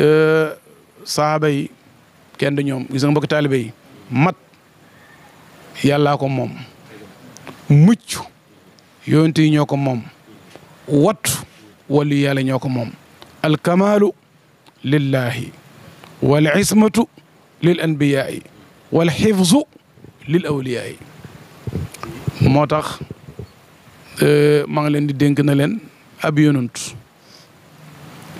Euh, saxaaba yi kenn du ñoom gis nga mbokki taalibe mat yàllaa ko moom mucc yonent yi ñoo ko moom wattu wali yàlla ñoo ko moom alkamaalu lillahi wal ismatu lil anbiyaai wal xifzu lil awliyaai moo tax euh, maa ngi leen di dénk na leen ab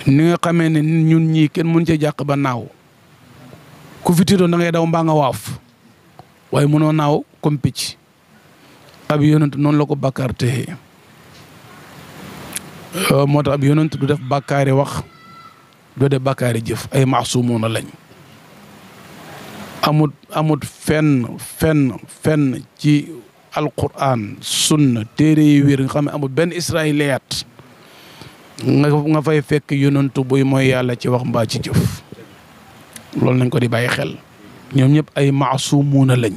ni nga xamee ne ñun ñii kenn mën cee jàq ba naaw ku fi tiitoon da ngay daw mbaa nga waaf waaye mënoo naaw comme picc ab yonent noonu la ko bàkkaar téye euh, moo tax ab yonent du def bàkkaari wax du def bàkkaari jëf ay maasumuuna lañ amut amut fenn fenn fenn ci alquran sunna téere yi wér nga xam ne amul benn israiliyaat nga fay fekk yonantu buy mooy yàlla ci wax mbaa ci jëf loolu nañ ko di bàyyi xel ñoom ñëpp ay maasumuuna lañ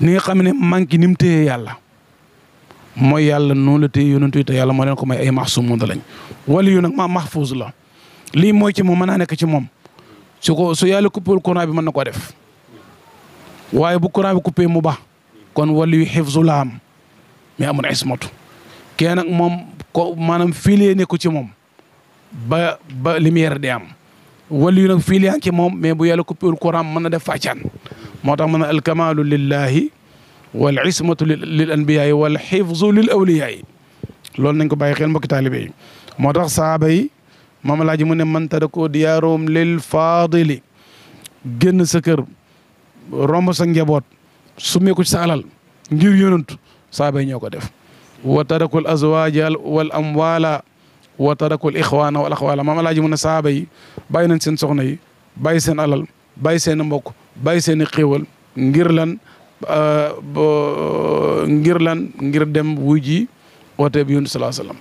ni nga xam ne manqué ni mu téye yàlla mooy yàlla noonu la téye yonantu yi te yàlla moo leen ko may ay maasumuuna lañ wali yu nag ma mahfuus la lii mooy ci moom mën naa nekk ci moom su ko su yàlla coupé courant bi mën na koo def waaye bu courant bi coupé mu ba kon wali yu xifzu la am mais amul ismatu kee moom ko maanaam filee nekku ci moom ba ba lumière di am wala yu nag fiilean ci moom mais bu yàlla coupéwul courant mën na def fàccaan moo tax mën a alkamalu lillahi wal ismatu lil anbiyayi wal xifzu lil awliyayi loolu nañ ko bàyyi xel mbokki taalibe yi moo tax saaba yi maam laaji mu ne man tadako diyaaroom lil faadili génn sa kër romb sa njaboot su meeku ci sa alal ngir yonant saaba yi ñoo ko def وتركوا الأزواج والأموال وتركوا الإخوان والأخوال ما ملاجي من سابي باين سن سغني باي سن ألل باي سن موك باي سن قيول نجرلن آه، نجرلن نجردم وجي وتبيون صلى الله عليه وسلم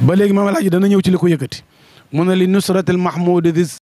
بلغ ما ملاجي دانا نيوتي لكو يكتي من لنصرة المحمود ذي